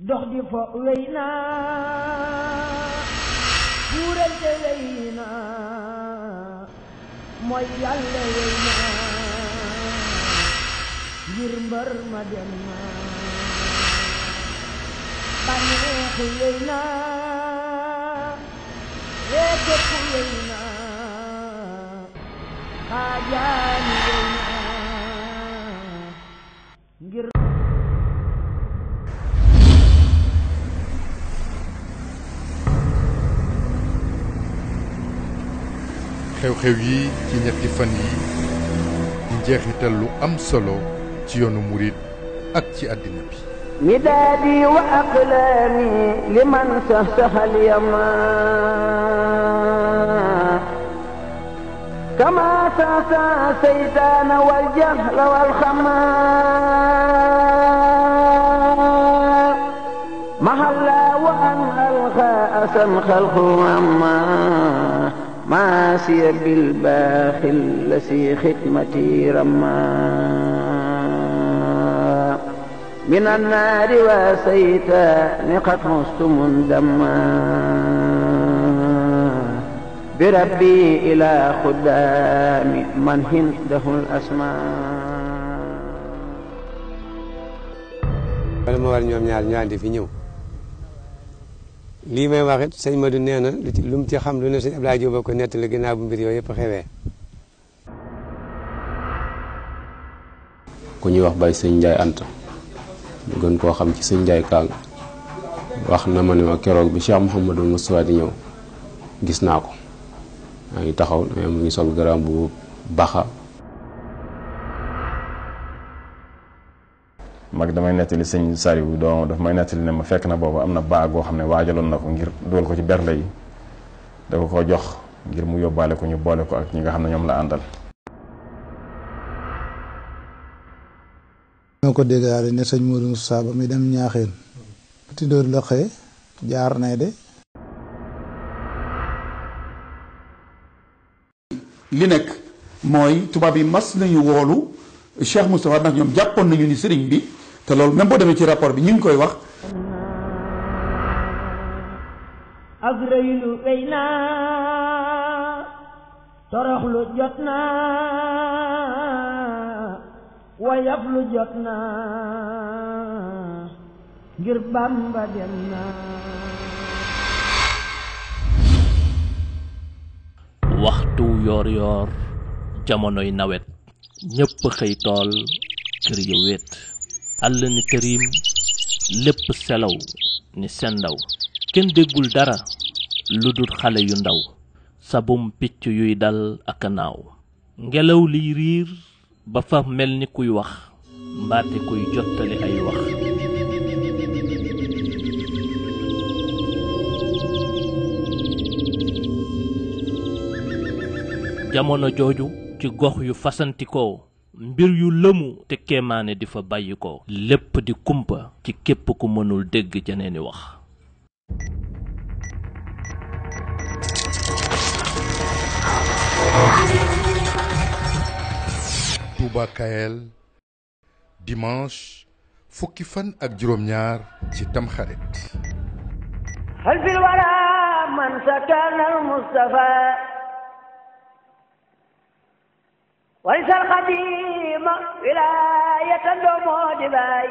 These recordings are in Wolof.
dox di fo wey naa buurante wey naa mooy yàlla wey naa ngir ma dem naa bànneexu wey naa wee xew-xew yi ci ñetti fan yi di njeexital lu am solo ci yoonu murit ak ci àddina bi midaadi wa aqlaami liman sahsahal yama kama sahsaha seytaana wal jahla wal xama mahalla wa an alxa asan xalqu amma معاسي بالباخل لسي ختمتي رما من النار واسيت نقت مسلم دما بربي إلى خدام من هنده الأسماء wala ma war ñoom ñaar ñu lii may wax it sëñ Madou nee na lu ci mu ci xam lu ne sëñ Abdoulaye Diop ko nettali ginnaaw bu mbir yooyu yëpp xewee. ku ñuy wax Baye sëñ njaay ant ñu gën koo xam ci sëñ Ndiaye Kaang wax na ma ne ma keroog bi ma Mouhamadou Moustapha di ñëw gis naa ko maa ngi taxaw mu ngi sol garam bu baxa mag damay nettali sëñ Saliou doom daf may nettali ne ma fekk na boobu am na baa goo xam ne waajaloon na ko ngir dugal ko ci bernde yi da ko jox ngir mu yóbbaale ko ñu boole ko ak ñi nga xam ne ñoom la àndal. ñoo ko déggaale ne sëñ Modou Moussa ba muy dem ñaaxeen. tidóor la xëy jaar nay de. li nekk mooy tubaab yi mas nañu woolu. cheikh moustapha nak ñom jappon nañu ni sëriñ bi te lool même bo demee ci rapport bi ñu ngi koy wax azrailu bayna tarahlu jotna wa yaflu jotna ngir bamba dem waxtu yor yoor jamonoy nawet ñépp xëy tool kër ya wéet àll ni kërim lépp selaw ni sendaw kenn déggul dara lu dul xale yu ndaw sabum picc yuy dal ak naaw ngelaw liy riir ba fa mel ni kuy wax mbaate kuy jottali ay wax jooju ci gox yu fasantikoo mbir yu lëmu te kéemaane di fa bàyyi ko lépp di kumpa ci képp ku mënul dégg jeneeni wax Touba Kaël dimanche ak juróom وليس القديم ولاية لمود باي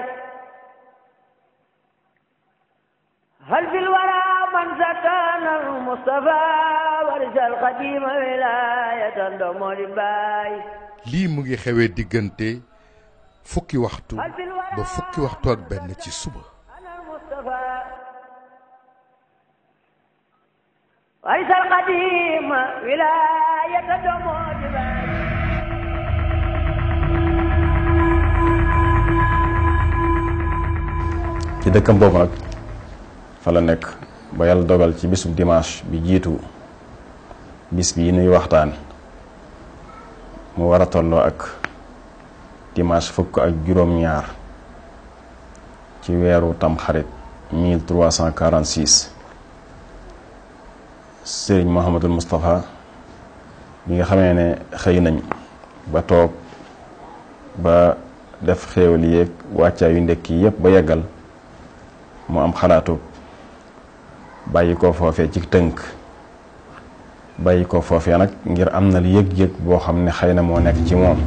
هل في الورى من زكان المصطفى وليس القديم ولاية لمود باي لي mu ngi xewee diggante fukki waxtu ba fukki waxtu ak benn ci suba وليس القديم ولاية لمود ci dëkkam boobu nag fa la nekk ba yàlla dogal ci bisub dimanche bi jiitu bis bii nuy waxtaan mu war a tolloo ak dimanche fukk ak juróom-ñaar ci weeru tamxarit 1346 sëriñ Mouhamadul Moustapha bi nga xamee ne xëy nañ ba toog ba def xéewal yéeg wàccaa yu ndekk yépp ba yeggal mu am xalaatu bàyyi ko foofee ci tënk bàyyi ko foofee nag ngir am na yëg-yëg boo xam ne xëy na moo nekk ci moom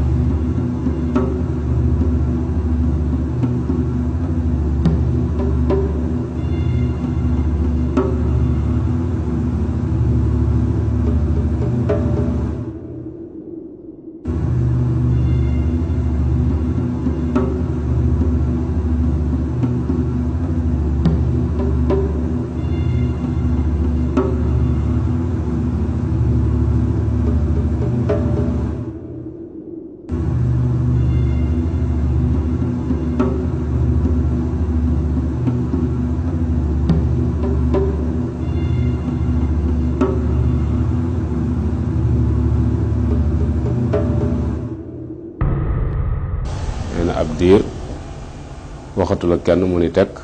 kenn mu ni tekk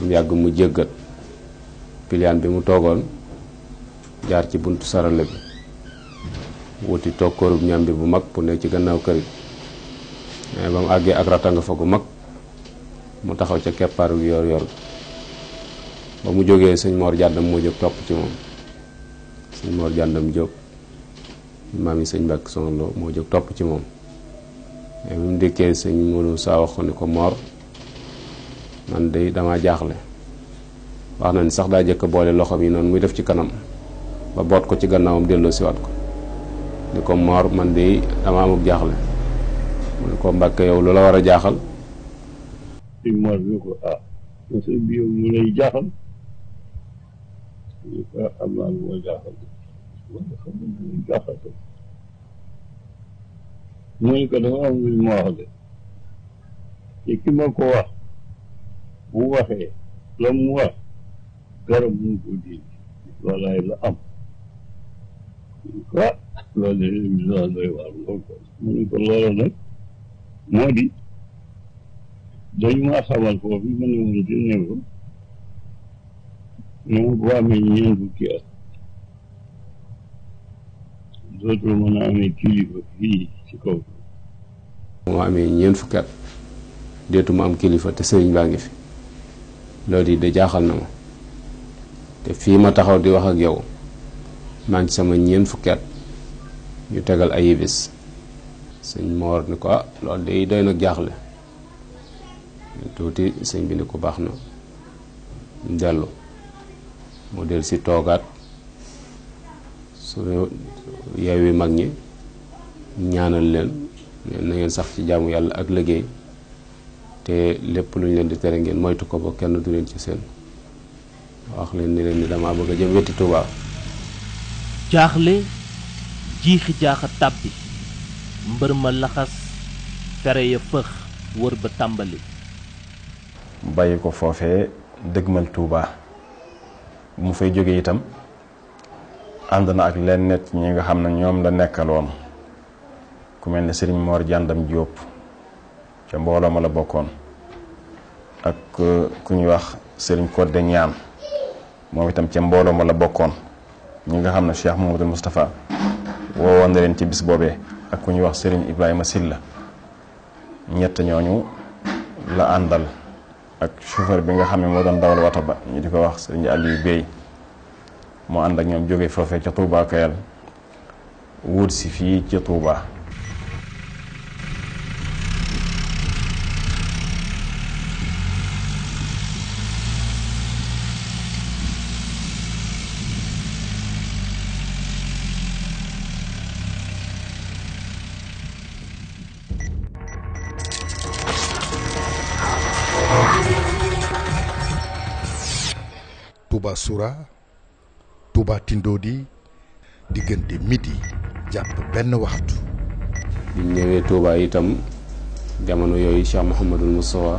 am yàgg mu jéggat piliyaan bi mu toogoon jaar ci buntu sarale bi wuti toog kóorub ñambi bu mag bu ne ci gannaaw kër yi mais ba mu àggee ak ratanga fa gu mag mu taxaw ca keppaaru yor yor ba mu jógee sëñ moor jàddam moo jóg topp ci moom sëñ moor jàddam jóg maam yi sëñ mbàkk sonlo moo jóg topp ci moom mais bi mu dikkee sëñ mënu saa wax ni ko moor man de dama jaaxle wax na ni sax daa jëkk boole loxoom yi noonu muy def ci kanam ba boot ko ci gannaawam delloo siwaat ko ni ko moor man de dama amub jaaxle mu ne ko war a jaaxal ah, sëñ ah, am naa lu jaaxal mu ne ko dafa am lu ma wax de ki ma ko wax bu waxee la mu wax garab mu ko dindi loolaay la am ah loolu ko mu ne ko loola nag moo di dañu maa xamal foofu ma ne moom dina ko ne ma bu amee ñeent fukki at dootul mën a amee kilifa fii ci kaw. moo amee ñeent fukki at deetuma am kilifa te sëriñ baa ngi fi. loolu yi de jaaxal na ma te fii ma taxaw di wax ak yow maa sama ñeent fukki ñu tegal ay bis sëñ moor ni ko ah loolu de doy na jaaxle tuuti sëñ bi ni ko baax na ñu dellu mu del si toogaat su yeewi mag ñi ñaanal leen na ngeen sax ci jaamu yàlla ak liggéey te lépp lu ñu leen di tere ngeen moytu ko ba kenn du leen ci seen wax leen ni leen ni dama bëgg a jëm wetti Tuubaa jaaxle jiixi jaaxa tàbbi mbër ma laxas fere ya fëx wër ba tàmbali bàyyi ko foofe dëgmal Tuubaa mu fay jóge itam ànd na ak leen nett ñi nga xam ne ñoom la nekkaloon ku mel ne sëriñ Mor Jàndam Jóob ca mbooloo ma la bokkoon ak euh, ku ñuy wax sëriñ Codé Niane moom itam ca mbooloo ma la bokkoon ñi nga xam ne Cheikh Mouhamadoul mustafa woowoon na leen ci bis boobee ak ku ñuy wax sëriñ Serigne Ibrahima la ñett ñooñu la àndal ak chauffeur bi nga xam ne moo doon dawal wata ba ñu di ko wax Serigne Aliou Bey moo ànd ak ñoom jógee foofe ca Touba Kayal fii ci Touba. Touba Soura Touba Tindoodi diggante midi jàpp benn waxtu. bi ñëwee Touba itam jamono yooyu Cheikh Mouhamadul Moustapha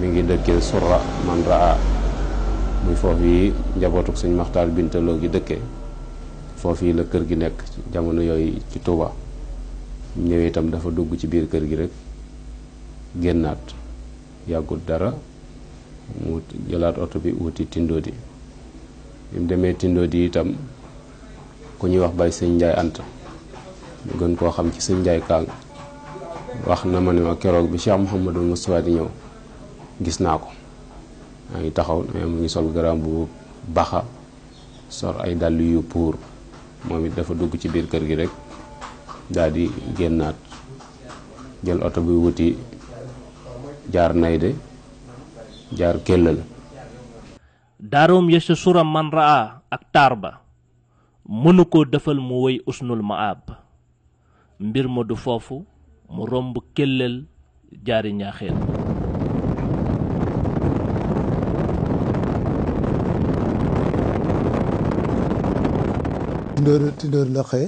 mi ngi dëkkee Soura man raa muy foofu yi njabootuk sëñ Maxtaar Bintaloo gi dëkkee foofu yi la kër gi nekk jamono yooyu ci Touba ñëwee itam dafa dugg ci biir kër gi rekk génnaat yàggul dara. mu jëlaat oto bi wuti tindoodi bi mu demee Tindodi itam ku ñuy wax bay sëñ Njaay Anta gën koo xam ci sëñ Njaay Kaang wax na ma ne ma keroog bi Cheikh Mouhamadul Moustapha di ñëw gis naa ko maa ngi taxaw mu ngi sol garaam bu baxa sor ay dàll yu puur moom it dafa dugg ci biir kër gi rek daal di génnaat jël oto bi wuti jaar nay de jaar kell la darom yesu sura man raa ak tarba munuko defal mu way usnul maab mbir mo du fofu mu romb kellel jaari ñaaxeel tindoor tindor la xey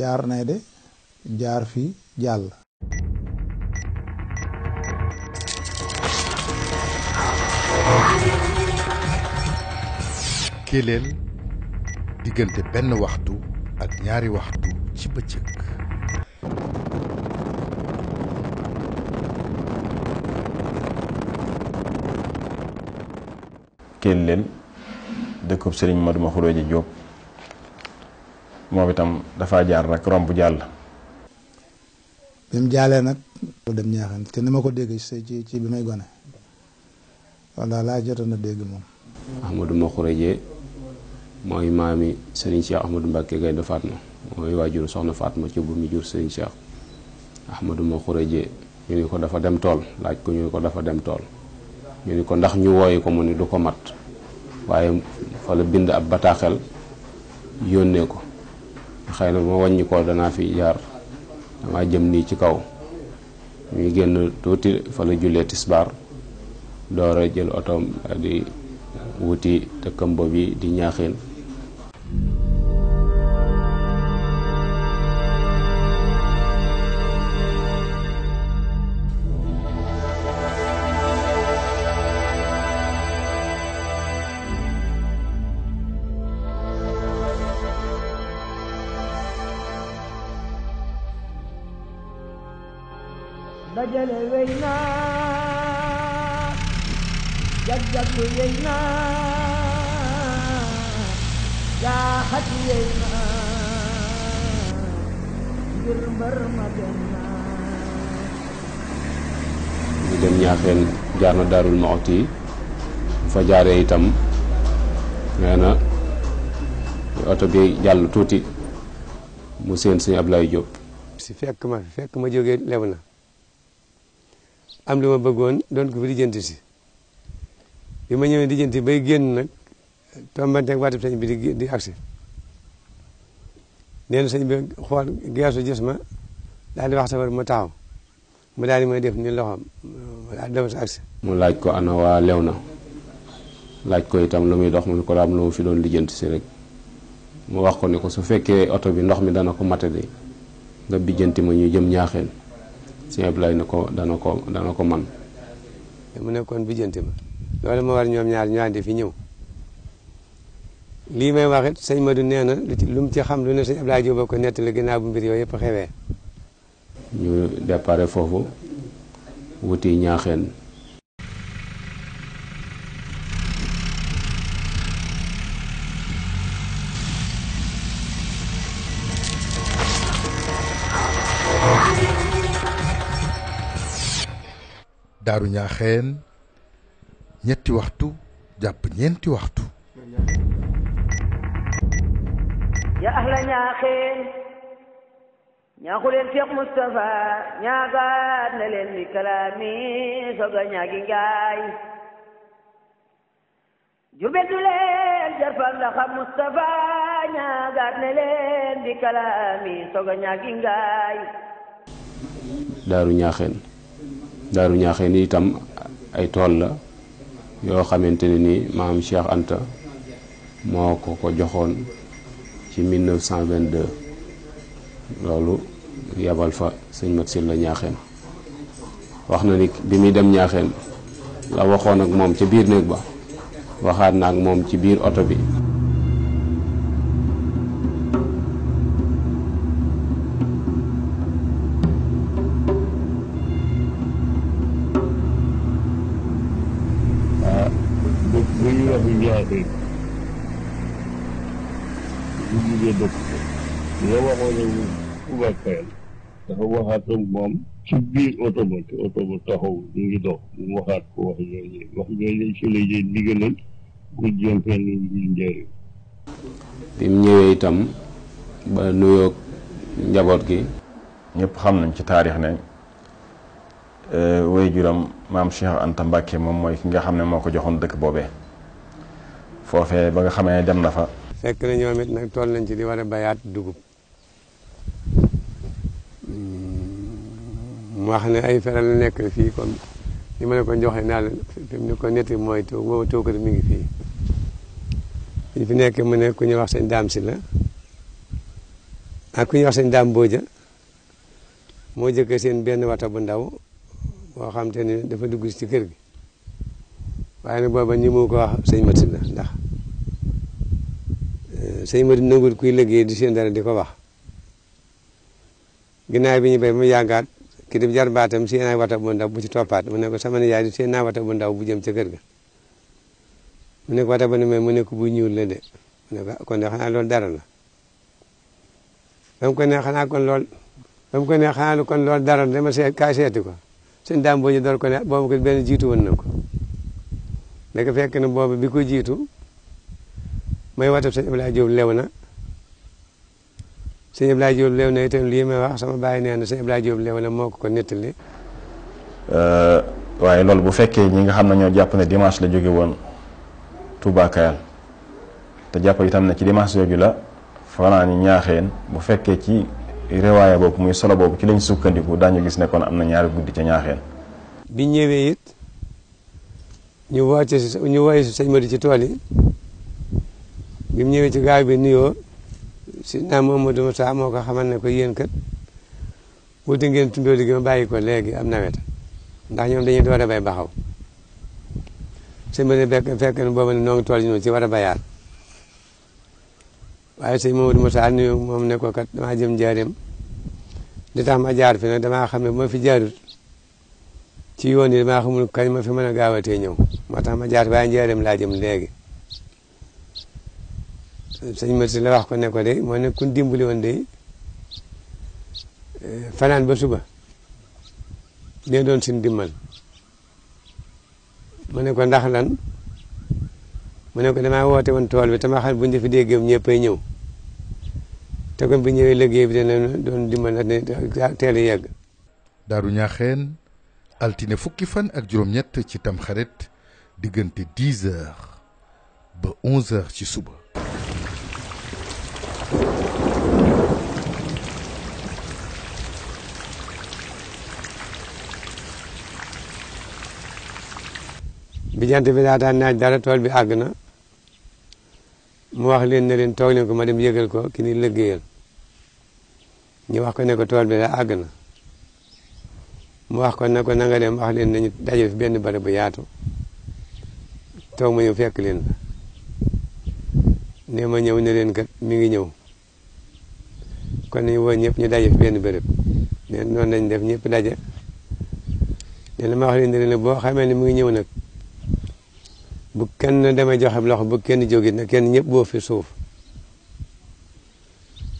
jaar nay de jaar fi jàll kéeleel diggante benn waxtu ak ñaari waxtu ci bëccëg kéeleel sëriñ Madu Ma Xureeja Jóob moom itam dafa jaar rek romb jàll bi mu jaalee nag dem ñaaxan te ni ma ko dégg ci ci bi may gone walla laa jotoon a dégg moom Ahmadu Ma Xureeja mooy maami Serigne Cheikh Ahmadou Mbacke Gaynde Fatma mooy waajur soxna Fatma ci bu mi jur Serigne Cheikh Ahmadou ma xuréje ñu ni ko dafa dem tool laaj ko ñu ni ko dafa dem tool ñu ni ko ndax ñu wooye ko mu ni du ko mat waaye fa la bind ab bataaxel yónnee ko xëy na ma wàññi ko danaa fi jaar dama jëm nii ci kaw ñuy génn tuuti fa la jullee tisbaar doora jël otoom di wuti dëkkam boobu di ñaaxeen ಭಜನೆ ವೈನಾ ಜಗತ್ತು Venad yaa xaj yey naa ngir mbër ma dem naa ñu fa jaaree itam nee na oto bi jàll tuuti mu seen suñu Ablaye Diop si fekk ma fekk ma jógee lew am li ma bëggoon doon ko fi lijjanti si bi ma ñëwee lijjanti bay génn nag tombanteeg waatib sëñ bi di di agsi nee na bi xool geesu gis ma daal di wax safar ma taxaw mu daal di def ni loxoom daal di dem si agsi mu laaj ko ana waa lew na laaj ko itam lu muy dox mu ne ko daam lu mu fi si rek mu wax ko ne ko su fekkee oto bi ndox mi dana ko matadi nga bijjanti ma ñu jëm ñaaxeen sëñ Ablaye na ko dana ko dana ko man mu nekkoon bijjanti ma loolu moo war ñoom ñaar ñu àndi fi ñëw lii may wax it ma Madou nee na lu mu ci xam lu ne sëñ Abdoulaye Diop ko nettali ginnaaw bu mbir yooyu yëpp xewee. ñu déparé foofu wuti ñaaxeen. daaru ñaaxeen ñetti waxtu jàpp ñeenti waxtu. ya ahla ñaaxeen ñaaxu leen Seex Mustafa ñaaxaat na leen bi kalaami soga ñaagi ngaay jurbel leen jarfal la xam Mustafa ñaaxaat na leen bi kalaami soga ñaagi ngaay daaru ñaaxeen daaru ñaaxeen itam ay tool la yoo xamante ne nii maam Cheikh Anta moo ko ko joxoon ci 1922 loolu yabal fa sëñ mat la ñaaxeen wax na ni bi muy dem ñaaxeen la waxoon ak moom ca biir néeg ba waxaat na ak moom ci biir oto bi atom-bomb civil automata, automata hole ñu ngi dox mu waxaat ko wax yooyu wax yooyu si lay jël diggalal gudd yoon fenn ngir njëriñ. bi mu ñëwee itam ba nuyoog njaboot gi. ñëpp xam nañ ci taarix ne waajuram maam Cheikh Anta Mbacke moom mooy ki nga xam ne moo ko joxoon dëkk boobee foofee ba nga xamee dem na fa. fekk na ñoom it nag toll nañ ci di war a bayaat dugub. mu wax ne ay feral la nekk fii comme ni ma ne ko joxe naa la fi ne ko netti mooy taw boobu taw mi ngi fii fi nekk mu ne ku ñuy wax sëñ daam si la ak ku wax sëñ daam booja moo jëkkee seen benn wata bu ndaw boo xam te dafa dugg ci kër gi waaye nag booba ñi mu ko wax sëñ mat si la ndax eh, sëñ mat nangut kuy liggéey di seen dara di ko wax ginnaaw bi ñu bay mu yàggaat ki jar baatam seen ay wata bu ndaw bu ci toppaat mu ne sama nijaay di seen naa wata bu ndaw bu jëm ca kër ga mu ne wata ba ne mu ne ko bu ñuul la de mu ne ko ah, kon de dara la ko ne xanaa kon lool ba mu ko ne xanaa kon loolu dara la dama ko suñ daam boo ñu doon ko ne ah, boobu ko jiitu woon na ko da fekk na boobu bi ko jiitu mooy watab sëñ Abdoulaye Diop na sëñ Abdoulaye Diop Léona itam lii may wax sama bàyyi nee na sëñ Abdoulaye Diop Léona moo ko ko nettali. Euh, waaye loolu bu fekkee ñi nga xam ne ñoo jàpp ne dimanche la jóge woon Touba te jàpp tam ne ci dimanche yooyu la fanaan ñi ñaaxeen bu fekkee ci riwaaya boobu muy solo boobu ci lañ sukkandiku daa ñu gis nekkoon am na ñaari guddi ca ñaaxeen. bi ñëwee it ñu wàcce ñu woy sëñ ci tool bi ñëwee ci gaal bi nuyoo. Seydina Mamadou Moussa moo ko xamal ne ko yéen kat wuti ngeen tundoo di ma bàyyi ko léegi am nawet ndax ñoom dañuy war a bay baxaw sëñ bi fekk fekk na booba ne ci war a bayaat waaye sëñ Mamadou moom ne ko kat damaa jëm njaareem li tax ma jaar fi nag damaa xam ne bu fi jaarut ci yoon yi damaa xamul kañ ma fi mën a gaawatee ñëw moo tax ma jaar waaye njaareem laa jëm léegi sëñ si la wax ko ne ko moo ne kun dimbali woon de eh, fanaan ba suba nee doon sin dimbal mu ne ndax lan mu ne ko damaa woote woon tool bi tama xam buñ defi déggee ñëppay ñëw te kon bi ñëwee liggéey bi dana doon dimbal na teel yegg yàgg daaru ñaaxeen altine fukki fan ak juróom-ñett ci tamxarit diggante 10 heures ba 11 heures ci suba bi bi daataan naaj dara tool bi àgg na mu wax leen ne leen toog leen ko ma dem yëgal ko ki ni liggéeyal ñu wax ko ne ko tool bi da àgg na mu wax ko ne ko na nga dem wax leen nañu daje benn barab bu yaatu toog ma ñëw fekk leen fa ne ma ñëw ne leen kat mi ngi ñëw kon nañu woo ñëpp ñu daje fi benn bërëb ne noonu lañ def ñëpp daje ne la wax leen leen boo xamee ne mu ngi ñëw nag bu kenn demee joxe loxo bu kenn jógit na kenn ñëpp boo fi suuf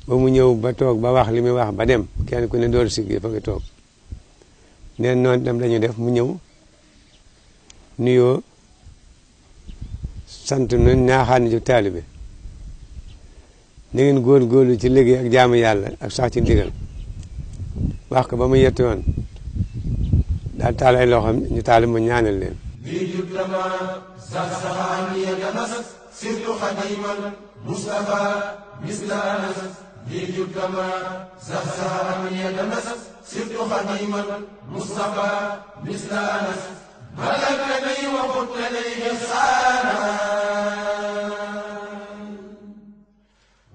ba mu ñëw ba toog ba wax li muy wax ba dem kenn ku ne door siggi fa nga toog neen noonu itam lañu def mu ñëw nuyoo sant nu ñaaxaan ju taalibe ni ngeen góor góorlu ci liggéey ak jaamu yàlla ak sax ci ndigal wax ko ba mu yettu yoon daal taal ay loxoom ñu taal mu ñaanal leen بيجبلما زاد سخاني يدنس سرت خديما مصطفى مثل أنس بيجبلما زاد سخاني يدنس سرت خديما مصطفى مثل أنس بلغني وقلت لي حصانا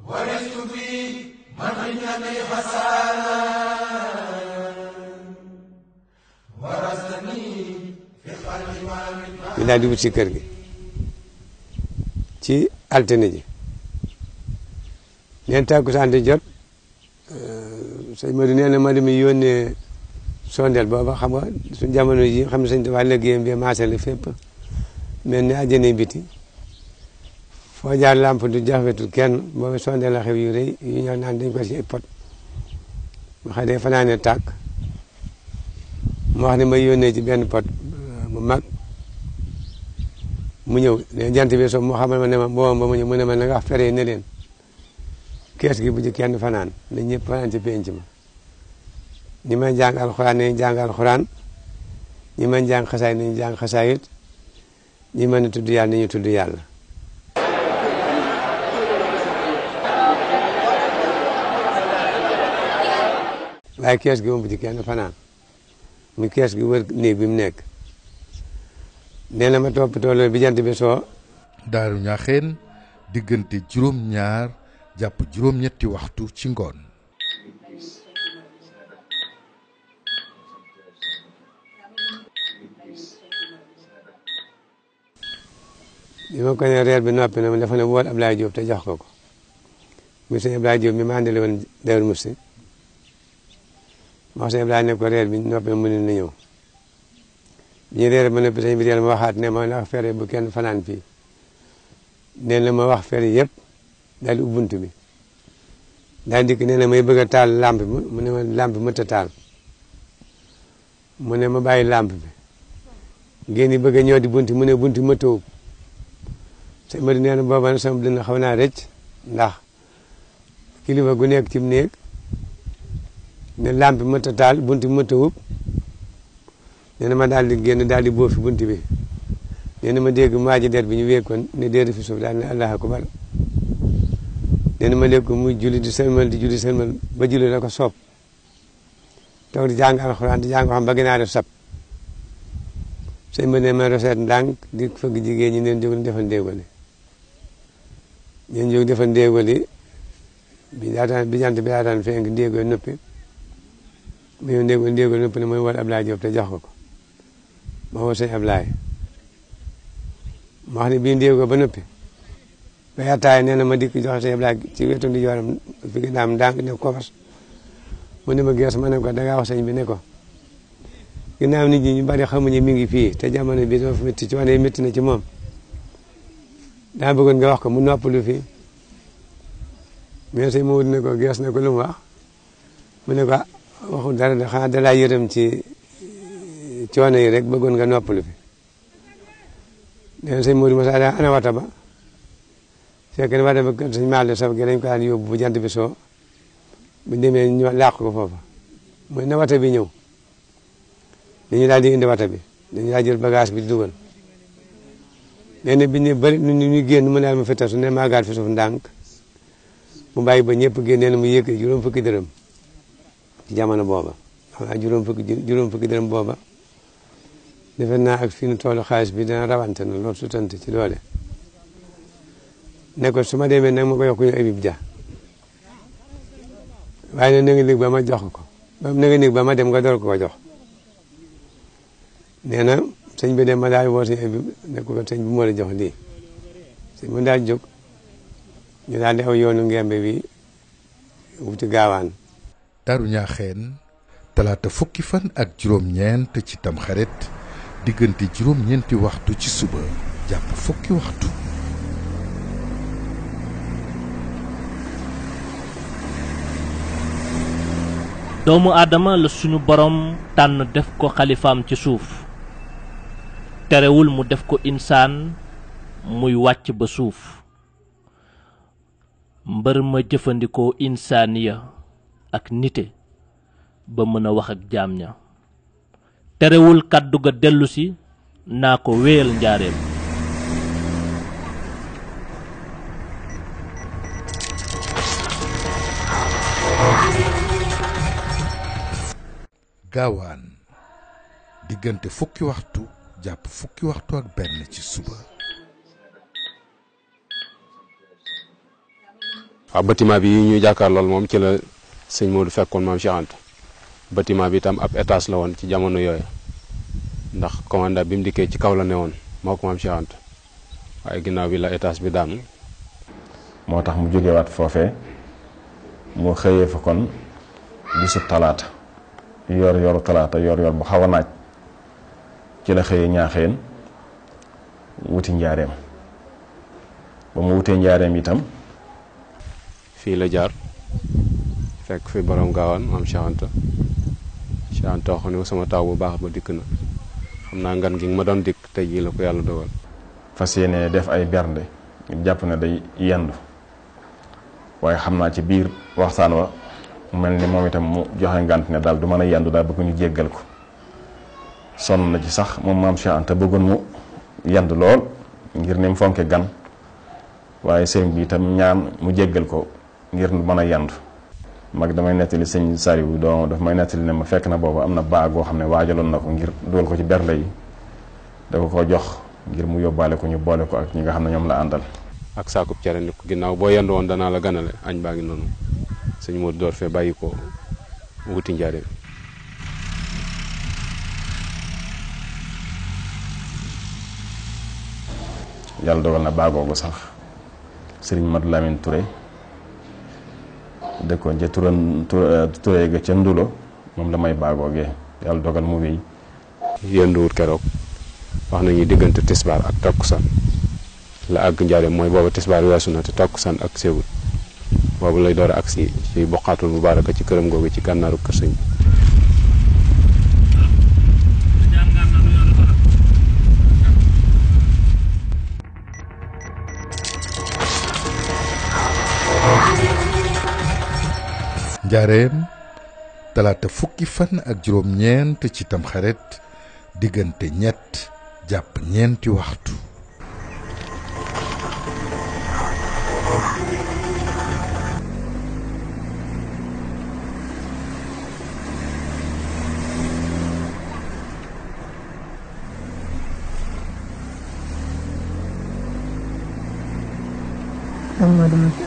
ورثت في من عندني حسانا ورثتني ñu daal di wut kër gi ci altine ji neen tàkkusaan di jot euh, sëñ Madou nee na ma dem yónnee sondeel booba xam nga suñ jamono ji xam ne sëñ Tuubaa liggéeyam bi maase la fépp mel ni àjjana biti foo jaar lamp du jafetul kenn booba sondeel la xew yu rëy yu ñëw naan dañ ko si pot waxa dee fanaane tàkk mu wax ne ma yónnee ci benn pot bu mag mu ñëw jant bi so mu xamal ma ne ma booba ma ñëw mu ne ma na nga feree ne leen kees gi bu ci kenn fanaan na ñëpp fanaan ci penc ma ñi may jàng alxuraan nañ jàng alxuraan ñi may jàng xasaay nañ jàng xasaayit ñi mën a tudd yàlla nañu tudd yàlla waaye kees gi moom bu ci kenn fanaan mu kees gi wër néeg bi mu nekk nee na ma toppatoo loolu bi jant bi soo. daaru ñaaxeen diggante juróom-ñaar jàpp juróom-ñetti waxtu ci ngoon. bi ma ko ne reer bi noppi na ma dafa ne wool Ablaye Diop te jox ko ko muy sëñ Ablaye Diop mi ma àndale woon Daaru Musti wax sëñ Ablaye ne ko reer bi noppi na mu ne na ñëw. ñu réer ma bi sañ bi teel ma waxaat ne ma wax fere bu kenn fanaan fii nee na ma wax fere yëpp daal di ubbuntu bi daal dikk nee na may bëgg a taal lampe bi mu ne ma lampe mëtt a taal mu ne ma bàyyi lampe bi ngeen di bëgg a ñëw di bunti mu ne bunti mëttawub sëñ booba na sama dina xaw naa rëcc ndax kilifa gu nekk ci néeg ne lampe mëtt a taal bunti mëttawub nee ma daal di génn daal di boof fi bunt bi nee na ma dégg maaji der bi ñu wéekoon ne déedu fi suuf daal ne allah akbar nee na ma dégg ko muy julli di sëlmal di julli sëlmal ba julli la ko soob toog di jàng alxuraan di jàng xam ba gën a def sab sëñ ba ne ma roseet ndànk di fëgg jigéen ñi neen defan ndéegoli ñeen defan ndéegoli bi daataan bi jant bi daataan fenk ndéegoli noppi mu ñëw ndéegoli ndéegoli noppi ne mooy wal Ablaye Diop te jox ko ko ma woo sëñ ma wax ne bii ndéew ko ba noppi ba yattaay nee na ma dikk joxe sëñ Ablaye ci wetu ndi jooram fi nga daam ndànk ne ko fas mu ne ma gees ma ne ko dangaa wax sëñ bi ne ko ginnaaw nit ñi ñu bari xamuñu mi ngi fii te jamono bi dafa métti ci wane métti na ci moom daa bëggoon nga wax ko mu noppalu fii mais sëñ Maodo ne ko gees ne ko lu mu wax mu ne ko ah, waxul dara de xanaa dalaa yërëm ci coono yi rek bëggoon nga noppalu fi dén sëñ Modou Moussa ana wata ba fekk ne wata ba sëñ Maale Saf gi dañ ko daan yóbbu bu jant bi soo buñ demee ñu làq ko foofa mooy ne wata bi ñëw ni ñu daal di indi wata bi dañu daal jël bagage bi di dugal bi ñu bëri nu ñuy génn mu ne ma fi tasu ne maa gaat fi suuf ndànk mu bàyyi ba ñëpp génnee na mu yëkk juróom fukki dërëm ci jamono booba xam naa juróom fukki booba defe naa ak fi nu toolu xaalis bi dana rawante na loolu sutante ci doole ne ko su ma demee nag ma ko yokk ñu Habib Dia waaye na nga ba ma jox ko ba na nga ba ma dem nga door ko jox nee na sëñ bi dem ma daal woo sëñ Habib ne ko sëñ bi moo la jox lii sëñ daal jóg ñu daal di aw yoonu ngembe bi wuti gaawaan Daaru Ñaaxeen talaata fukki fan ak juróom-ñeent ci tamxarit digënté juroom ñenti waxtu ci suba japp fukki waxtu doomu adama la suñu borom tan def ko khalifam ci suuf terewul mu def ko insaan muy wacc ba suuf mbeur ma jëfëndiko insaaniya ak nité ba mëna wax ak terewul kàdduga dellusi dellu naa ko wéyal njaareem gaawaan diggante fukki waxtu jàpp fukki waxtu ak benn ci suba waaw bâtiment bi yi ñu jàkkaar lool moom ci la sëñ Modou fekkoon maam Cheikh Anta batiment bi itam ab étage la woon ci jamono yooyu ndax commanda bi mu dikkee ci kaw la ne woon moo ko maam Cheikh waaye ginnaaw bi la étage bi daanu. moo tax mu jógewaat foofe mu xëyee fa kon bisu talaata yor yoru talaata yor yor bu xaw a naaj ci la xëyee ñaaxeen wuti njaareem ba mu wutee njaareem itam fii la jaar fekk fi borom gaawaan maam Cheikh Anta Cheikh Anta waxoon sama taw bu baax ba dikk na xam naa ngan gi ma doon dikk tey jii la ko yàlla dogal. fas yéene def ay bernde jàpp ne day yendu waaye xam naa ci biir waxtaan wa mel ni moom itam mu joxe ngànt ne daal du mën a yendu daal bëgg ñu jéggal ko sonn na ci sax moom maam Cheikh Anta bëggoon mu yendu lool ngir ni mu fonke gan waaye sëriñ bi itam ñaan mu jéggal ko ngir mën a yendu mag damay nettali sëñ Saliou doom daf may nettali ne ma fekk na boobu am na baa goo xam ne waajaloon na ko ngir dugal ko ci berle yi da ko jox ngir mu yóbbaale ko ñu boole ko ak ñi nga xam ne ñoom la àndal. ak saakub cere ni ko ginnaaw boo yendu woon danaa la ganale añ baa ngi noonu sëñ Modou door fee bàyyi ko wuti njaareem. yàlla dogal na baa googu sax sëriñ Madou Lamine Touré. dëkkoon ca turan eh, turee ga ca ndulo moom la may baagoo baagoogee yàlla dogal mu wéy yenduwut keroog wax nañu diggante tisbaar ak takkusaan la àgg njaare mooy booba tisbaar weesu na te takkusaan ak séewut boobu lay door a agsi ci buqaatul mubaaraka ci këram googu ci gànnaaru kër njareem talaata fukki fan ak juróom-ñeent ci tam xaret diggante ñett jàpp ñeenti waxtu. Allahumma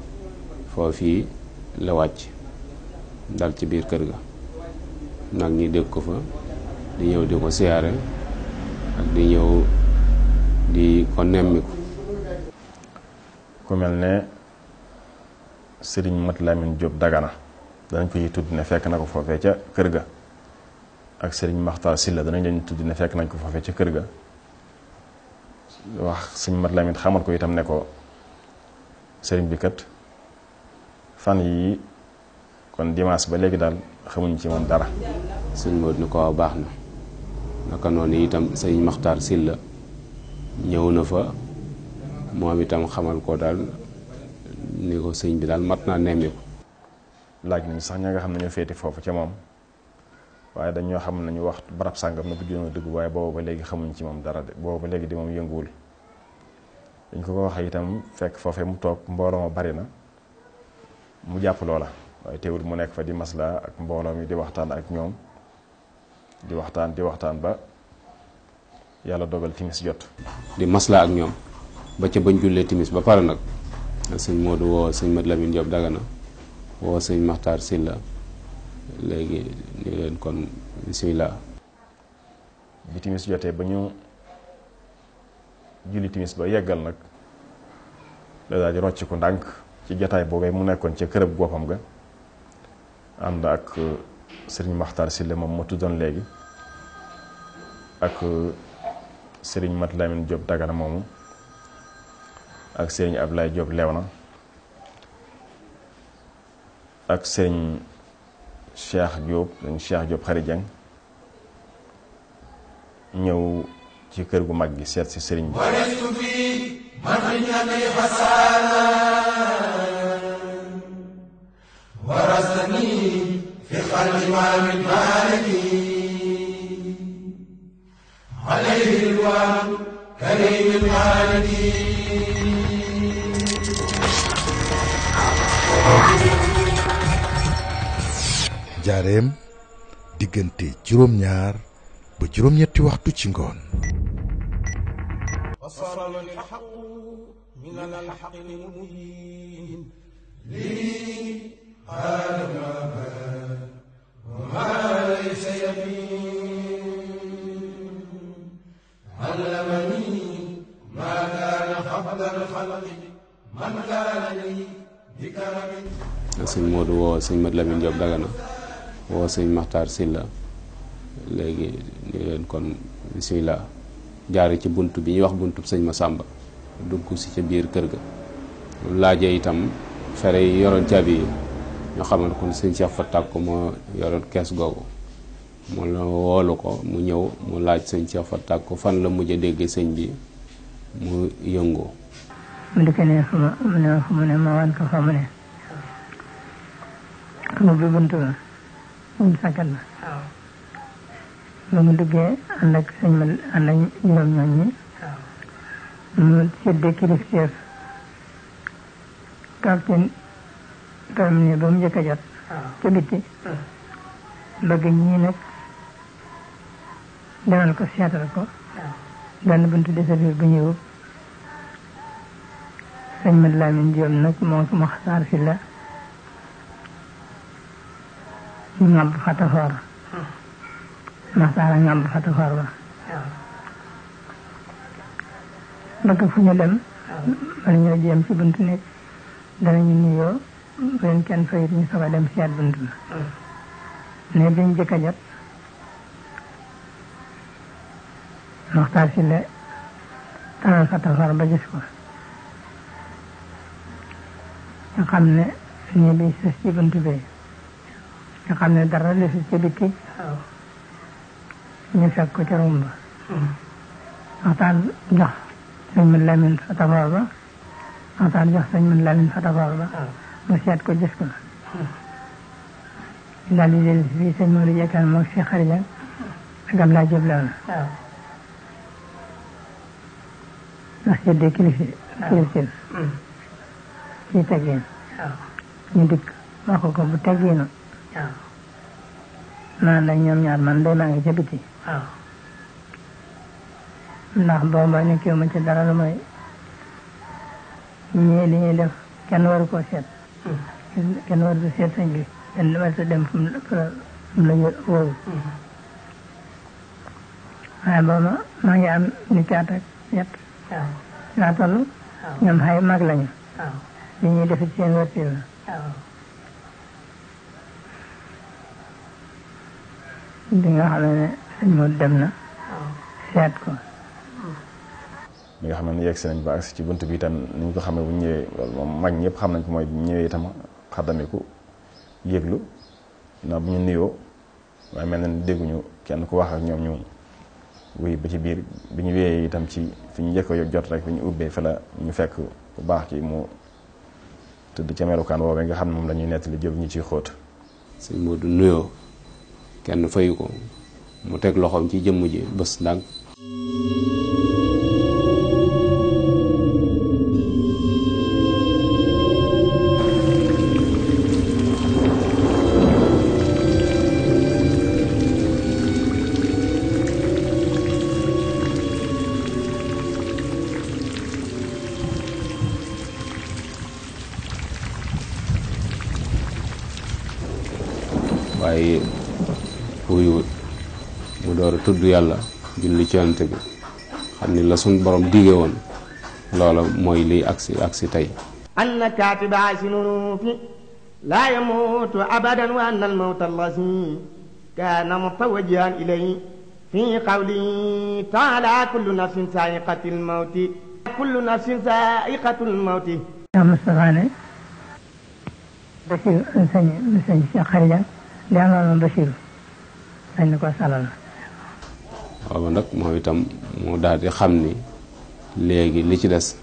foofii la wàcc dal ci biir kër ga nag ñi dégg ko fa di ñëw di ko siyaare ak di ñëw di ko nemmiku ku mel ne sëriñ Mat Lamin Jóob Dagana danañ ko ci tudd ne fekk na ko foofee ca kër ga ak sëriñ Maxtaar Silla danañ leen tudd ne fekk nañ ko foofee ca kër ga wax sëriñ Mat Lamin xamal ko itam ne ko sëriñ bi kat fan yi kon dimaas ba léegi daal xamuñ ci moom dara sëñ Modou ni ko waaw baax na naka noonu itam sëñ Maxtaar Silla ñëw na fa moom itam xamal ko daal ni ko sëñ bi daal mat naa nemmiku laaj nañ sax ña nga xam ne ñu féeti foofu ca moom waaye dañ dañoo xam nañu wax barab sàngam na bu juna dugg waaye ba léegi xamuñ ci moom dara de booba ba léegi di moom yënguwul dañ ko ko waxee itam fekk foofee mu toog mbooloo ma bari na mu jàpp loola waaye teewul mu nekk fa di maslaa ak mbooloo mi di waxtaan ak ñoom di waxtaan di waxtaan ba yàlla dogal timis jot. di maslaa ak ñoom ba ca bañ jullee timis ba pare nag sëñ Modou woo sëñ Mad Lamine Diop Dagana woo sëñ Maxtaar Silla léegi ni leen kon bisimilah. bi timis jotee ba ñu julli timis ba yeggal nag da daal di rocc ku ndànk. ci jotaay boobee mu nekkoon ci kërëb goppam ga ànd ak euh, sëriñ Maxtaar Sille moom ma tuddoon léegi ak euh, sëriñ Mat Lamin Jóob Dagana moomu ak sëriñ Ablaay Jóob Leewna ak sëriñ Cheikh Jóob sëriñ Cheikh Jóob Xari ñëw ci kër gu mag gi seet si sëriñ bi ورزقني digenti خلق امام مالكي عليه الوان waxtu ci ngoon sëñ Modou woo sëñ Mat Lamin Diop Dagana woo sëñ Maxtaar Silla léegi ñu leen kon bismillah jaare ci bunt bi ñuy wax buntub sëñ Masàmba dugg si ca biir kër ga laajee itam fere yi yoroon caabi yi ñu xamal ko ne sëñ Cheikh Fatak ko moo yoroon kees googu mu la woolu ko mu ñëw mu laaj sëñ Cheikh Fatak ko fan la mujj a déggee sëñ bi mu yëngu. mu dikkee ne fu mu ne mu ne mu ne mu bi ànd ak sëñ ma ànd ak juróom ñoom ñi mu séddee kilifteef capitaine toll ñu ba mu jat a jot ah. ca bitti ah. bëgg ñii nag demal ko seetal ko ah. benn buntu desal bu ñëw sëñ ma lamin joom nag moo ko maxtaar si la ñu ngàbb fataxoor maxtaar a ngàbb fataxoor ba bëgg fu ñu dem wala ñu jéem ci buntu nekk danañu nuyoo bañ kenn fayit ñu soog a dem seet bunt bi ne biñ jëkk a jot Moxtaar si la taral sa tafar ba gis ko nga xam ne ñu bi sës bunt bi nga xam ne dara li si ci bitti fekk ko ca rumba Moxtaar jox sëñ Mën Lamin sa tafar ba Moxtaar jox sëñ Mën Lamin sa tafar ba mu seet ko gis ko daal di dellu fii sëñ Modou Diakane moom si xaritam ak Abdoulaye Diop la woon. waaw ndax jëndee kilifa kilifin. ci mm. teggin. waaw ñu dikk wax ko ko bu tegginu. waaw naan la ñoom ñaar man day maa ngi ca biti. waaw ndax booba nekkiwuma ci dara lu mooy ñii li ñuy def kenn waru koo seet. كان ورد سيتنجي أن ما تدم من لجوز هذا ما يعم نكاتك يب لا تلو ñoom xay mag lañu li ñuy def ci seen wërti la bi nga xam ne sëñ mu dem na seet ko bi nga xam ne yegg si nañ ba agsi ci bunt bi itam ni ñu ko xamee bu ñëwee loolu moom mag ñëpp xam nañ ko mooy bu ñëwee itam xaddamiku yëglu na bu ñu nuyoo waaye mel na ni dégguñu kenn ku wax ak ñoom ñu wuy ba ci biir bi ñu wéyee itam ci fi ñu njëkk a jot rek bi ñu ubbee fa la ñu fekk bu baax ci mu tëdd ca melukaan woowee nga xam ne moom lañuy ñuy nettali jëf ñu ciy xóot. sëñ Modou nuyoo kenn fayu ko mu teg loxoom ci jëmm ji bés ndànk. tudd yàlla julli ci yonent bi xam ni la suñ borom digge woon loola mooy liy agsi agsi tey anna kaatiba sinunuufi laa yamuutu abadan wa anna almawta allazi kaana mutawajjihan ilay fi qawli taala kullu nafsin zaa'iqatu almawti kullu nafsin zaa'iqatu almawti am sabaane basiru sañ sañ si xarija li amaloon basiru sañ na ko salal booba nag moom itam mu daal di xam ni léegi li ci des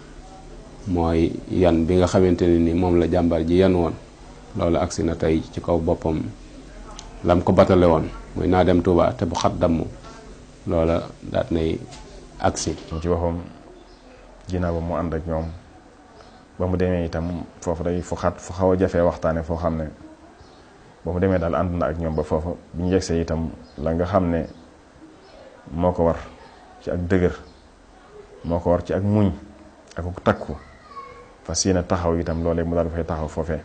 mooy yan bi nga xamante ne ni moom la jàmbaar ji yan woon loolu agsi na tey ci kaw boppam lam ko batale woon muy naa dem Touba te bu xat damm loola daat nay agsi ci waxoon ginnaaw ba mu ànd ak ñoom ba mu demee itam foofu day fu xat fu xaw a jafee waxtaane foo xam ne ba mu demee daal ànd na ak ñoom ba foofa bi ñu yegsee itam la nga xam ne moko war ci ak dëgër moko war ci ak muñ ak ko takku fas taxaw itam lolé mu dal fay taxaw fofé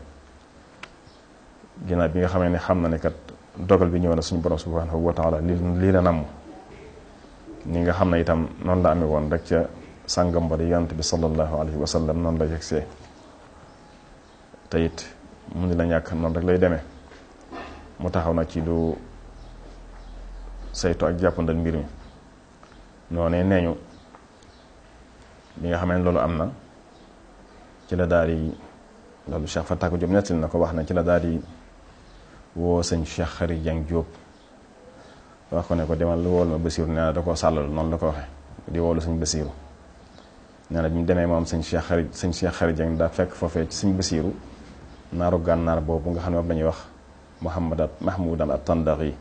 gina bi nga xamé ni xamna ni kat dogal bi ñëw na suñu borom subhanahu wa taala li li la nam ni nga xamné itam non la amé won rek ci sàngam ba di yant bi sallallahu alayhi wa sallam non la yegsee tayit mu ni la ñak non rek lay démé mu taxaw na ci du saytu ak jàppandal mbir mi noné néñu bi nga xamné lolu amna ci la daali lolu Cheikh Fatako Diop nettali na ko ci la daali wo señ Cheikh Xari jang Diop wax ko ne ko demal wol ma basir nee na da ko salal non la ko waxe di wolu señ basir nee na bi mu demee moom sëñ Cheikh Xari señ Cheikh Xari jang da fekk fofé ci señ Basiiru naru gannar bobu nga xamné ne moom wax muhammadat mahmudan at tandaghi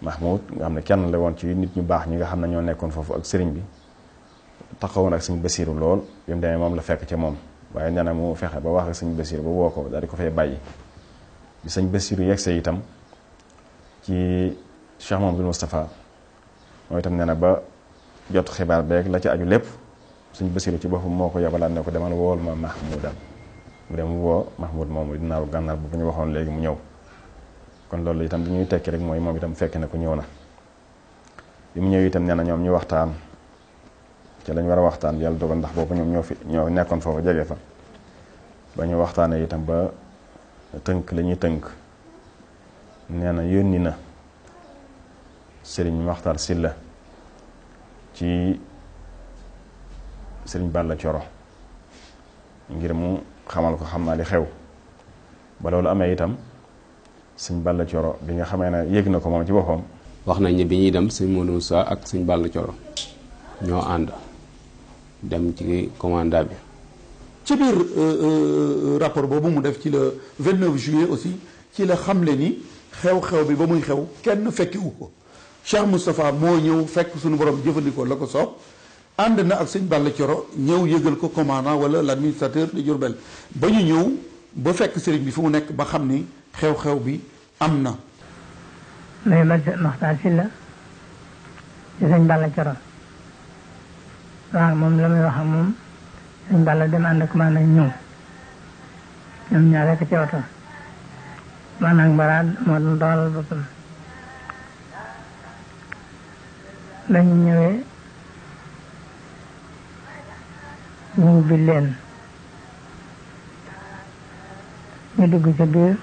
Mahmoud nga xam ne kenn la woon ci nit ñu baax ñi nga xam ne ñoo nekkoon foofu ak sëriñ bi taxawoon ak sëñ Basiiru lool bi mu demee moom la fekk ci moom waaye nee mu fexe ba wax ak sëñ Basiiru ba woo ko daal di ko fay bàyyi bi sëñ Basiiru yegsee tam ci Cheikh Mamadou Moustapha mooy itam nee na ba jot xibaar beeg la ci aju lépp sëñ Basiiru ci boppam moo ko yabalaat ne ko demal wool ma Mahmoudam mu dem woo Mahmoud moomu dinaaru gànnaar boobu ñu waxoon léegi mu ñëw kon loolu itam li ñuy tekki rek mooy moom itam fekk na ko ñëw na bi mu ñëw itam nee na ñoom ñu waxtaan ci lañ war a waxtaan yàlla dogal ndax boobu ñoom ñoo fi ñoo nekkoon foofu jege fa ba ñu waxtaanee itam ba tënk la ñuy tënk nee na yónni na Serigne waxtaan Silla ci Serigne Balla Coro ngir mu xamal ko xam naa li xew ba loolu amee itam. sëñ ball Coro bi nga xamee ne yëg na ko moom ci boppam. wax nañ ne bi ñuy dem sëñ Modou Moussa ak sëñ Balla Coro ñoo ànd dem ci commanda bi. ci biir euh, euh, rapport boobu mu def ci la le 29 juillet aussi ci la xamle ni xew-xew bi ba muy xew kenn fekkiwu ko Cheikh Moustapha moo ñëw fekk suñu borom jëfandikoo la ko soob. ànd na ak sëñ Balla Coro ñëw yëgal ko commandant wala l' administrateur de Diourbel ba ñu ñëw ba fekk sëriñ bi fu mu nekk ba xam ni xew-xew bi am na. nuyu ma Maxtaar Sylla ci sëñ Balla Coro la muy wax ak moom sëñ Balla dem ànd ak maanaam ñëw ñoom ñaar rekk baraad moo doon dawalal boppam dañu ñëwee ñu ubbi leen ñu dugg ca biir.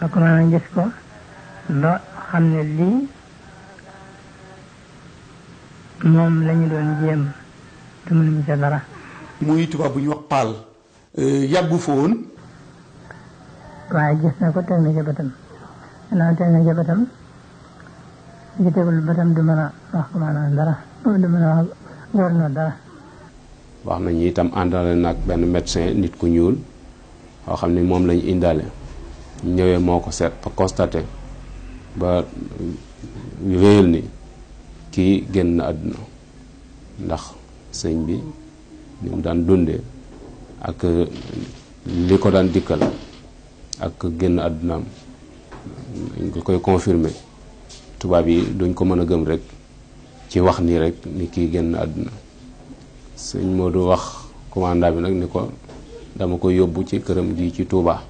soo ko mënoon gis ko ba xam ne lii moom la doon jéem te mënuñu ca dara. muy tubaab bu ñu wax paal euh, yàggu fa woon. waaye gis na ko teg na ca bëtam xanaa teg na ca bëtam ji tegul bëtam du mën a wax ko dara wax nañu itam àndale nag benn médecin nit ku ñuul. boo xam ne moom lañu indaale ñëwee moo ko seet ba constaté ba wéyal ni kii génn àdduna ndax sëñ bi ni mu daan dundee ak li ko daan dikkal ak génn àddunaam dañ koy confirmer tubaab yi duñ ko mën a gëm rek ci wax nii rek ni kii génn àdduna sëñ du wax commandant bi nag ni ko dama ko yóbbu ci këram ji ci Touba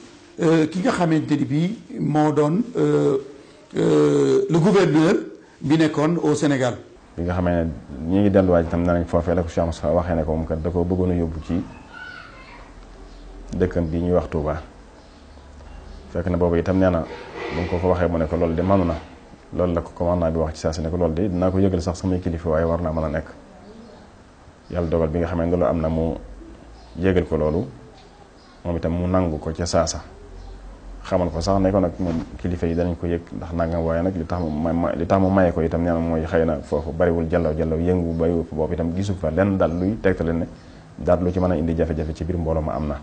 ki nga xamante ni moo doon le gouverneur bi nekkoon au Sénégal. bi nga xamee ne ñi ngi delluwaat itam nañ foofee la ko Cheikh Moussa waxee ne ko moom kat da koo bëggoon a yóbbu ci dëkkam bi ñuy wax Touba fekk na boobu itam nee na bu ko ko waxee mu ne ko loolu de manu na loolu la ko commandant bi wax ci saa ne ko loolu de dinaa ko yëgal sax samay kilifa waaye war naa mën a nekk yàlla dogal bi nga xamee ne loolu am na mu yëgal ko loolu moom itam mu nangu ko ca saasa. xamal ko sax ne ko nag moom kilifa yi dañ ko yek ndax nangam way nak li tax mu li tax mom maye ko itam neena na xeyna fofu bari wul bariwul jallaw jallaw yëngu bari fa boobu itam gisu fa len dal luy tektal ne dal lu ci mën indi jafé jafé ci bir mbolo ma amna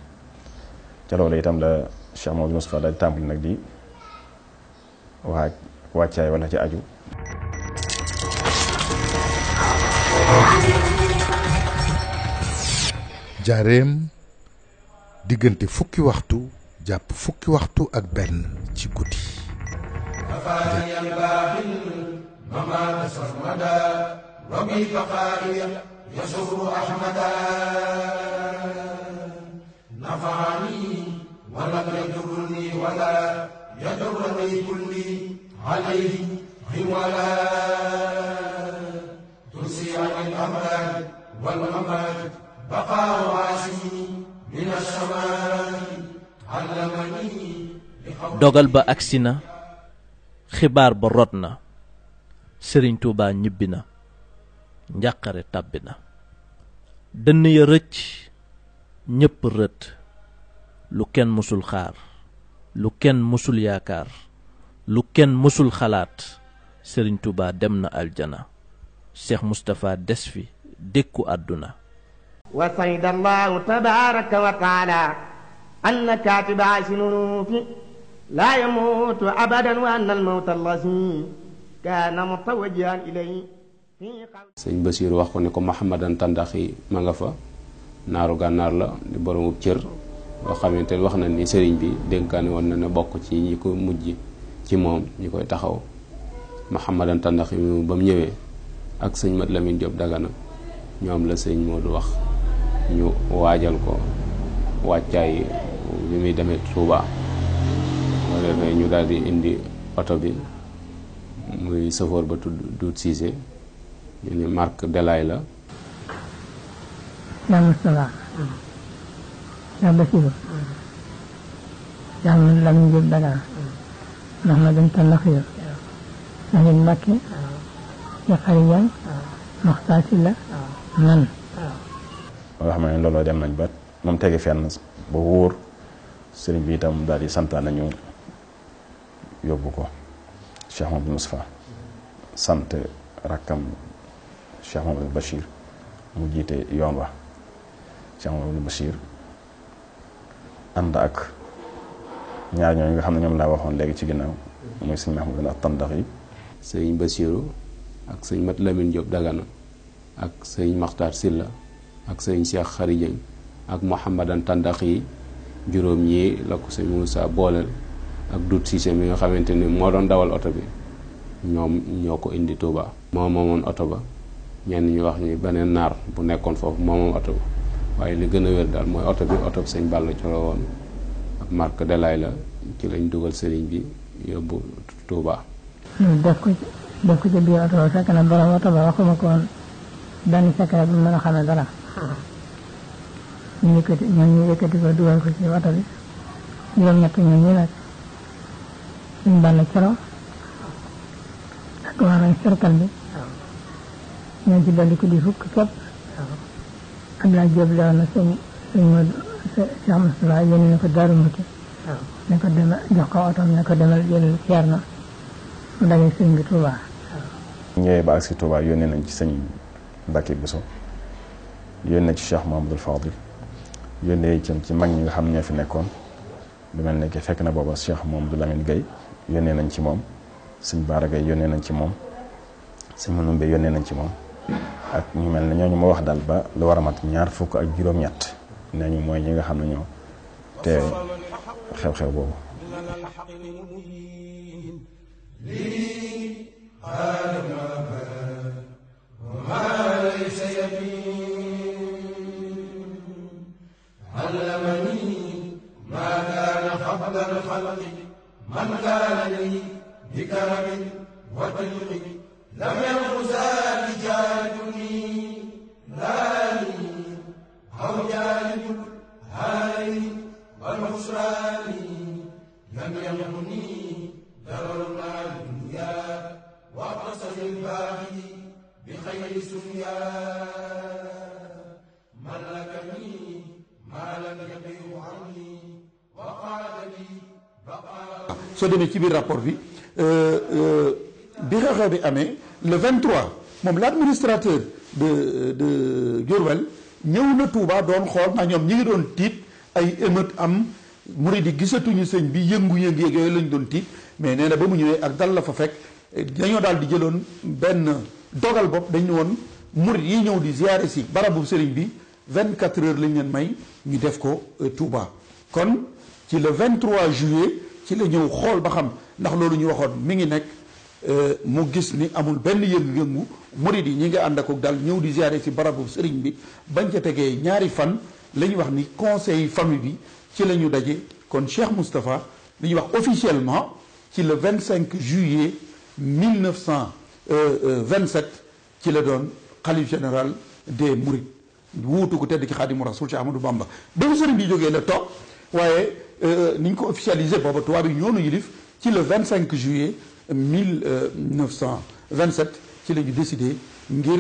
ci lolé itam la Cheikh mohamed mustafa dal tàmbali nak di waccay wala ci aju jarem diggante fukki waxtu jàpp fukki waxtu ak benn ci guddi والأمل بقاء عاشمي من الشمال dogal ba agsi na xibaar ba rot na sëriñ tuubaa ñibbi na njàqare tàbbi na dënn ya rëcc ñépp rët lu kenn mësul xaar lu kenn mësul yaakaar lu kenn mësul xalaat sëriñ tuubaa dem na aljana cheikh mustafaa des fi dékku àdduna wa saydallaahu tabaaraka wa taala أن كاتب عاشر في لا يموت أبدا وأن الموت الذي كان متوجيا إليه في قلبه سيد بشير واخو نيكو محمد تانداخي ماغا فا نارو غنار لا دي بروم تير وخامتال واخنا ني سيرين بي دنكان وون نانا بوك سي نيكو مودجي سي موم نيكو تاخاو محمد تانداخي بام نيوي اك سيد مدلامين ديوب دغانا نيوم لا سيد مودو واخ ñu waajal ko wàccaay bi muy demee Tuuba moo defee ñu daldi indi auto bi muy chauffeur ba tud dout cisé ñu marque Delaay la yaa Mustafa yaa Basiru yaa man lam njëb dagaa ndax ma dem tan la xëyal ndax yéen Mbàkke ya xari yaay la man wax ma ne dem nañ bat moom tege fenn ba wóor sëriñ bi itam daal di santaan nañu yóbbu ko Cheikh bu Moustapha sant rakkam Cheikh Mamadou Bachir mu jiite yoon wa Cheikh Mamadou Bachir ànd ak ñaar ñooñu nga xam ne ñoom laa waxoon léegi ci ginnaaw muy sëñ Mahmoud ak tandax yi sëñ Basiru ak sëñ Mat Lamin Jóob Dagana ak sëñ Maxtaar Silla ak sëñ Cheikh Xari ak Mouhamadan Tandax yi juróom ñi la ko sëñ Moussa booleel ak dut Cissé mi nga xamante ni moo doon dawal oto bi ñoom ñoo ko indi Touba. moo moomoon oto ba ñenn ñu wax ni beneen naar bu nekkoon foofu moo moom oto ba waaye li gën a wér daal mooy oto oto bi sëñ Balla Coro woon ak la ci lañ dugal sëriñ bi fekk na borom oto bu mën a xamee dara. ñu yëkkati ñoom ñu yëkkati ko dugal ko ci oto bi juróom-ñett ñoom ñu nag suñu bàll coro ak waa serkal bi ñoo ci dolli ko di fukk képp Abdoulaye Diop lewoon na sëñ sëñ Modou Cheikh Moustapha yónni na ko Darou Mouti ne ko demal jox ko oto ne ko demal jël Thierno mu daje sëñ bi Touba ñëwee ba ak si Touba yónnee nañ ci sëñ Mbacke Bousso yónnee na ci Cheikh Mahamadou Fadil yónnee itam ci mag ñi nga xam ñoo fi nekkoon lu mel ne que fekk na booba Cheikh moom du amit Gueye yónnee nañ ci moom suñ Baara Gueye yónnee nañ ci moom sëñ Manoumbe yónnee nañ ci moom ak ñu mel ne ñu ma wax daal ba lu war a mat ñaar fukk ak juróom-ñett ñu mooy ñi nga xam ne ñoo teewe xew-xew boobu ci bir rapport bi euh, euh, bi xew bi amé le 23 mom l'administrateur de de Diourbel ñëw na Touba doon xol ndax ñom ñi ngi doon tiit ay émeute am murid yi gisatuñu sëñ bi yëngu-yëngu yeeg lañ doon tiit mais néna ba mu ñëwé ak dal la fa fek dañu dal di jëloon ben dogal bop dañu woon murid yi ñëw di ziaré ci barabu sëriñ bi 24 heures lañ leen may ñu def ko euh, Touba kon ci le 23 juillet ci la ñëw xol ba xam ndax lolu ñu waxoon mi ngi nek euh mu gis ni amul benn yëngu-yëngu murid yi ñi nga ànd ak daal ñëw di ziaré ci barabu serigne bi bañ ca tégué ñaari fan la wax ni conseil famille bi ci lañu dajé kon Cheikh mustapha li ñuy wax officiellement ci le 25 juillet 1927 euh, euh, ci la doon xalif général des Mourides wuutu ko tedd ci khadim rasoul Cheikh amadou Bamba ba serigne bi jógee la top waaye. Euh, ni ñu ko officialisé booba tubaab yi ñoo ñu yilif ci le 25 juillet 1927 ci la ñu décidé ngir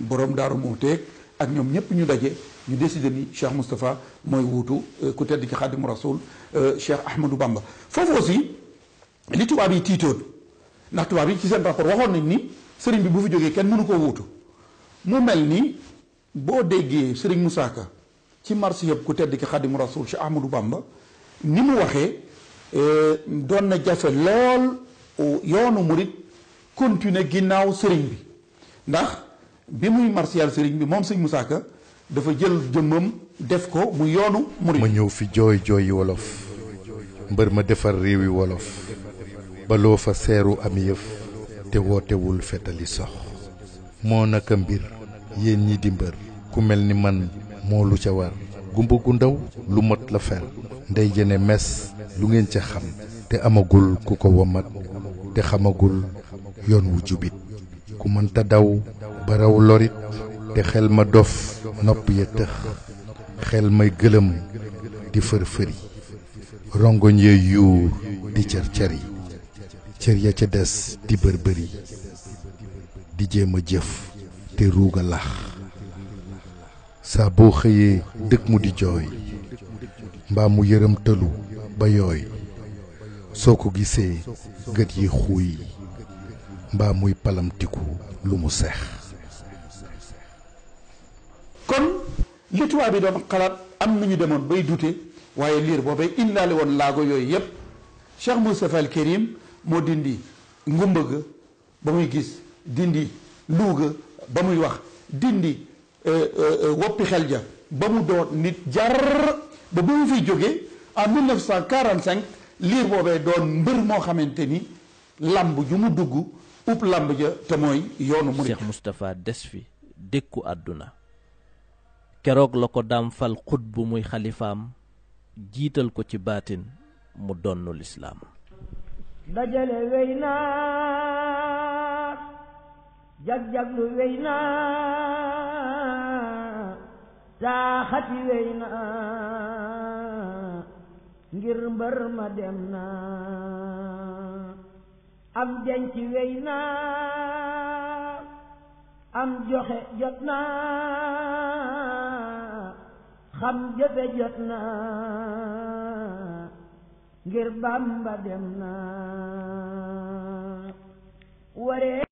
borom daru Mouteeg ak ñom ñëpp ñu dajé ñu décidé ni Cheikh mustapha moy wutu euh, ku tedd ki khadim rasoul euh, Cheikh Ahmadou Bamba. fofu aussi li tubaab bi tito ndax tubaab bi ci sen rapport waxon nañ ni serigne bi bu fi joggé kenn mënu ko wutu mu melni bo déggé serigne sëriñ ci mars yeb ku tedd ki khadim rasoul Cheikh Ahmadou Bamba. ni mu waxee euh, doon na jafe lool yoonu murit continuer ginnaaw sëriñ bi ndax bi muy martial sëriñ bi moom sëñ Moussa Ka dafa jël jëmmam def ko mu yoonu murit ma ñëw fi jooy jooy wolof mbër ma defar réewi wolof baloo fa seeru am yëf te wootewul fetali sox moo naka mbir yéen ñi di mbër ku mel ni man moo lu ca war gumba gu ndaw lu mot la fel ndey jëne mes lu ngeen ca xam te amagul ku ko womat te xamagul yoon wu jubit ku mënta daw baraw lorit te xel ma dof nopp ya tëx xel may gëlëm di fërfëri rongoñ ya yuur di cër cër yi cër ya ca des di bërbëri di jéem a jëf te ruuga lax saa boo xëyee dëkk mu di jooy mbaa mu yërëm tëlu ba yooy soo ko gisee gët yi xuuy mbaa muy palamtiku lu mu seex kon li tubaab bi doon xalaat am nañu demoon bay dute waaye liir boobee indaale woon laago yooyu yépp Cheikh Moustapha al Karim moo dindi ngumba ga ba muy gis dindi luuga ba muy wax dindi Euh, euh, euh, woppi xel ja ba mu doon nit jar ba ba mu fiy jóge en 1945 liir boobee doon mbër moo xamante ni lamb ju mu dugg upp lamb ja te mooy yoonu mu Cheikh Moustapha des fi dékku àdduna keroog la ko daam fal xut bu muy xalifaam jiital ko ci baatin mu donnu lislaam jag-jaglu wey na taaxati wey na ngir mbër ma dem na am denc wey na am joxe jot na xam jëfe jot na ngir Bamba dem na waree